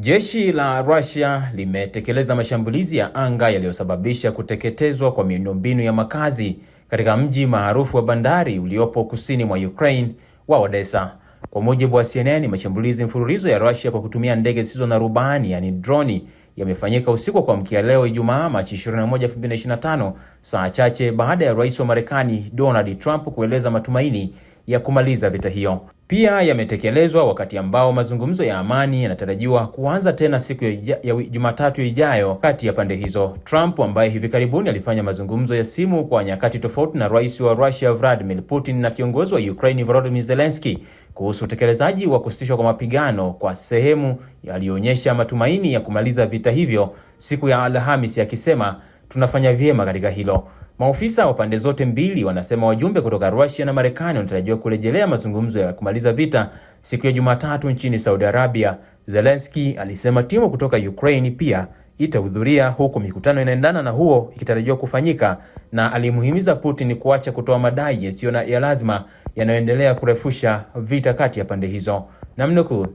Jeshi la Russia limetekeleza mashambulizi ya anga yaliyosababisha kuteketezwa kwa miundombinu ya makazi katika mji maarufu wa bandari uliopo kusini mwa Ukraine wa Odessa. Kwa mujibu wa CNN, mashambulizi mfululizo ya Russia kwa kutumia ndege zisizo na rubani yaani droni yamefanyika usiku wa kuamkia leo Ijumaa, Machi 21, 2025, saa chache baada ya Rais wa Marekani Donald Trump kueleza matumaini ya kumaliza vita hiyo. Pia yametekelezwa wakati ambao mazungumzo ya amani yanatarajiwa kuanza tena siku ya, ya, Jumatatu ijayo kati ya pande hizo. Trump ambaye hivi karibuni alifanya mazungumzo ya simu kwa nyakati tofauti na rais wa Russia Vladimir Putin na kiongozi wa Ukraine Volodymyr Zelensky kuhusu utekelezaji wa kusitishwa kwa mapigano kwa sehemu, yaliyoonyesha matumaini ya kumaliza vita hivyo siku ya Alhamisi akisema tunafanya vyema katika hilo. Maofisa wa pande zote mbili wanasema wajumbe kutoka Russia na Marekani wanatarajiwa kurejelea mazungumzo ya kumaliza vita siku ya Jumatatu nchini Saudi Arabia. Zelensky alisema timu kutoka Ukraine pia itahudhuria huku mikutano inaendana na huo ikitarajiwa kufanyika, na alimuhimiza Putin kuacha kutoa madai yasiyo ya lazima yanayoendelea kurefusha vita kati ya pande hizo. Namnukuu,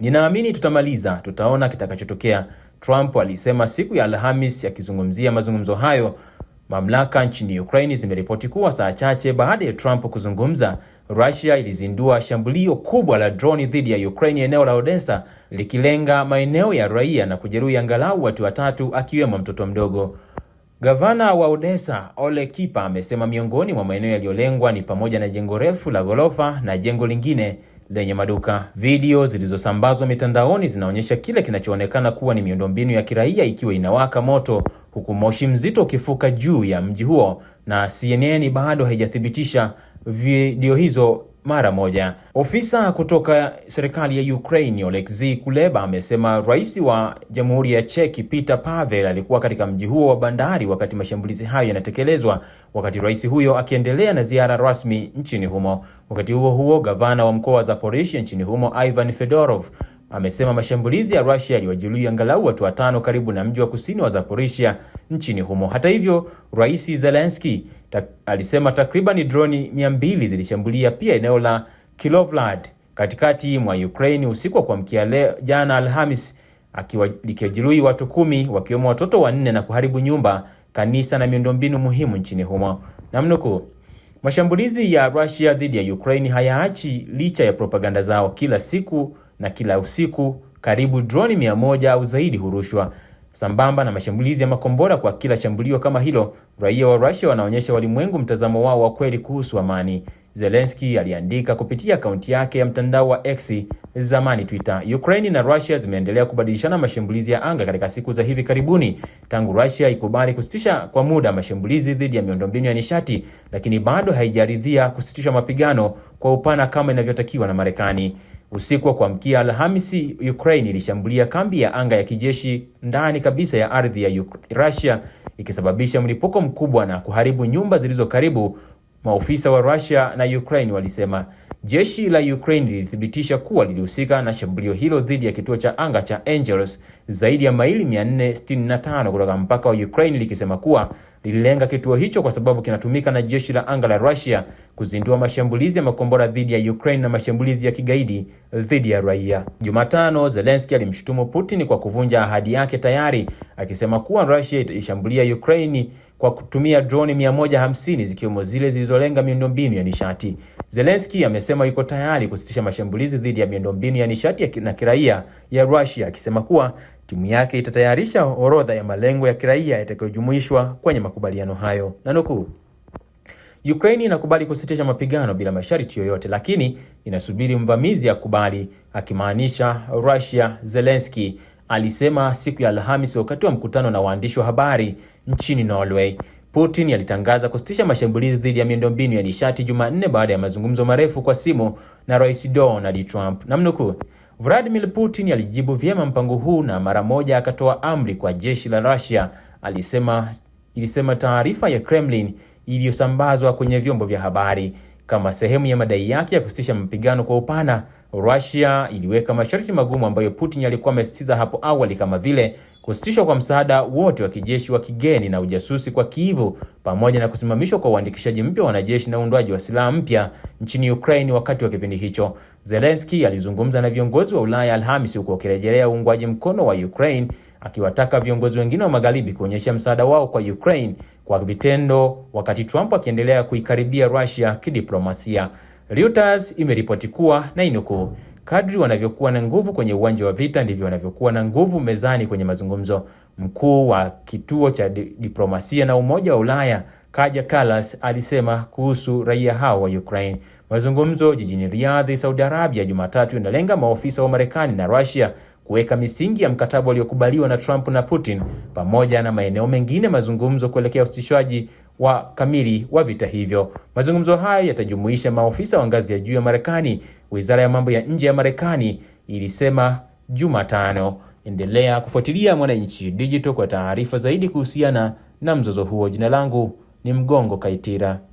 ninaamini tutamaliza, tutaona kitakachotokea. Trump alisema siku ya Alhamis akizungumzia mazungumzo hayo. Mamlaka nchini Ukraine zimeripoti kuwa saa chache baada ya Trump kuzungumza, Russia ilizindua shambulio kubwa la droni dhidi ya Ukraine eneo la Odessa, likilenga maeneo ya raia na kujeruhi angalau watu watatu akiwemo mtoto mdogo. Gavana wa Odessa, Ole Kipa, amesema miongoni mwa maeneo yaliyolengwa ni pamoja na jengo refu la ghorofa na jengo lingine lenye maduka. Video zilizosambazwa mitandaoni zinaonyesha kile kinachoonekana kuwa ni miundombinu ya kiraia ikiwa inawaka moto huku moshi mzito ukifuka juu ya mji huo, na CNN bado haijathibitisha video hizo mara moja. Ofisa kutoka serikali ya Ukraine Oleksiy Kuleba amesema rais wa Jamhuri ya Cheki Peter Pavel alikuwa katika mji huo wa bandari wakati mashambulizi hayo yanatekelezwa, wakati rais huyo akiendelea na ziara rasmi nchini humo. Wakati huo huo, gavana wa mkoa wa Zaporizhia nchini humo Ivan Fedorov amesema mashambulizi ya Russia yaliwajeruhi angalau watu watano karibu na mji wa kusini wa Zaporizhia nchini humo. Hata hivyo, Rais Zelensky ta alisema takriban droni 200 zilishambulia pia eneo la Kilovlad katikati mwa Ukraine usiku wa kuamkia leo jana Alhamis, akiwa likijeruhi watu kumi wakiwemo watoto wanne na kuharibu nyumba, kanisa na miundombinu muhimu nchini humo. Namnuku, mashambulizi ya Russia dhidi ya Ukraine hayaachi licha ya propaganda zao kila siku na kila usiku karibu droni 100 au zaidi hurushwa sambamba na mashambulizi ya makombora kwa kila shambulio kama hilo. Raia wa Russia wanaonyesha walimwengu mtazamo wao wa kweli kuhusu amani. Zelensky aliandika kupitia akaunti yake ya mtandao wa X zamani Twitter. Ukraine na Russia zimeendelea kubadilishana mashambulizi ya anga katika siku za hivi karibuni tangu Russia ikubali kusitisha kwa muda mashambulizi dhidi ya miundombinu ya nishati, lakini bado haijaridhia kusitisha mapigano kwa upana kama inavyotakiwa na Marekani. Usiku wa kuamkia Alhamisi, Ukraine ilishambulia kambi ya anga ya kijeshi ndani kabisa ya ardhi ya Russia, ikisababisha mlipuko mkubwa na kuharibu nyumba zilizo karibu, Maofisa wa Russia na Ukraine walisema jeshi la Ukraine lilithibitisha kuwa lilihusika na shambulio hilo dhidi ya kituo cha anga cha Angeles, zaidi ya maili 465 kutoka mpaka wa Ukraine, likisema kuwa lililenga kituo hicho kwa sababu kinatumika na jeshi la anga la Russia kuzindua mashambulizi ya makombora dhidi ya Ukraine na mashambulizi ya kigaidi dhidi ya raia. Jumatano, Zelensky alimshutumu Putin kwa kuvunja ahadi yake tayari, akisema kuwa Russia itaishambulia Ukraine kwa kutumia droni 150 zikiwemo zile zilizolenga miundombinu ya nishati. Zelensky amesema yuko tayari kusitisha mashambulizi dhidi ya miundombinu ya nishati na kiraia ya Russia, akisema kuwa Timu yake itatayarisha orodha ya malengo ya kiraia yatakayojumuishwa kwenye makubaliano hayo, na nukuu, Ukraine inakubali kusitisha mapigano bila masharti yoyote, lakini inasubiri mvamizi akubali, akimaanisha Russia, Zelensky alisema siku ya Alhamisi wakati wa mkutano na waandishi wa habari nchini Norway. Putin alitangaza kusitisha mashambulizi dhidi ya miundombinu ya nishati Jumanne baada ya mazungumzo marefu kwa simu na Rais Donald Trump. Namnukuu, Vladimir Putin alijibu vyema mpango huu na mara moja akatoa amri kwa jeshi la Russia, alisema ilisema taarifa ya Kremlin iliyosambazwa kwenye vyombo vya habari. Kama sehemu ya madai yake ya kusitisha mapigano kwa upana, Russia iliweka masharti magumu ambayo Putin alikuwa amesisitiza hapo awali, kama vile kusitishwa kwa msaada wote wa kijeshi wa kigeni na ujasusi kwa Kievu pamoja na kusimamishwa kwa uandikishaji mpya wa wanajeshi na uundwaji wa silaha mpya nchini Ukraine. Wakati wa kipindi hicho, Zelensky alizungumza na viongozi wa Ulaya Alhamisi, huku akirejelea uungwaji mkono wa Ukraine, akiwataka viongozi wengine wa magharibi kuonyesha msaada wao kwa Ukraine kwa vitendo, wakati Trump akiendelea kuikaribia Russia kidiplomasia. Reuters imeripoti kuwa na inukuu Kadri wanavyokuwa na nguvu kwenye uwanja wa vita ndivyo wanavyokuwa na nguvu mezani kwenye mazungumzo. Mkuu wa kituo cha diplomasia na Umoja wa Ulaya Kaja Kallas alisema kuhusu raia hao wa Ukraine. Mazungumzo jijini Riyadh, Saudi Arabia, Jumatatu yanalenga maofisa wa Marekani na Russia kuweka misingi ya mkataba uliokubaliwa na Trump na Putin pamoja na maeneo mengine mazungumzo kuelekea usitishwaji wa kamili wa vita hivyo. Mazungumzo hayo yatajumuisha maofisa wa ngazi ya juu ya Marekani, Wizara ya Mambo ya Nje ya Marekani ilisema Jumatano. Endelea kufuatilia Mwananchi Digital kwa taarifa zaidi kuhusiana na mzozo huo. Jina langu ni Mgongo Kaitira.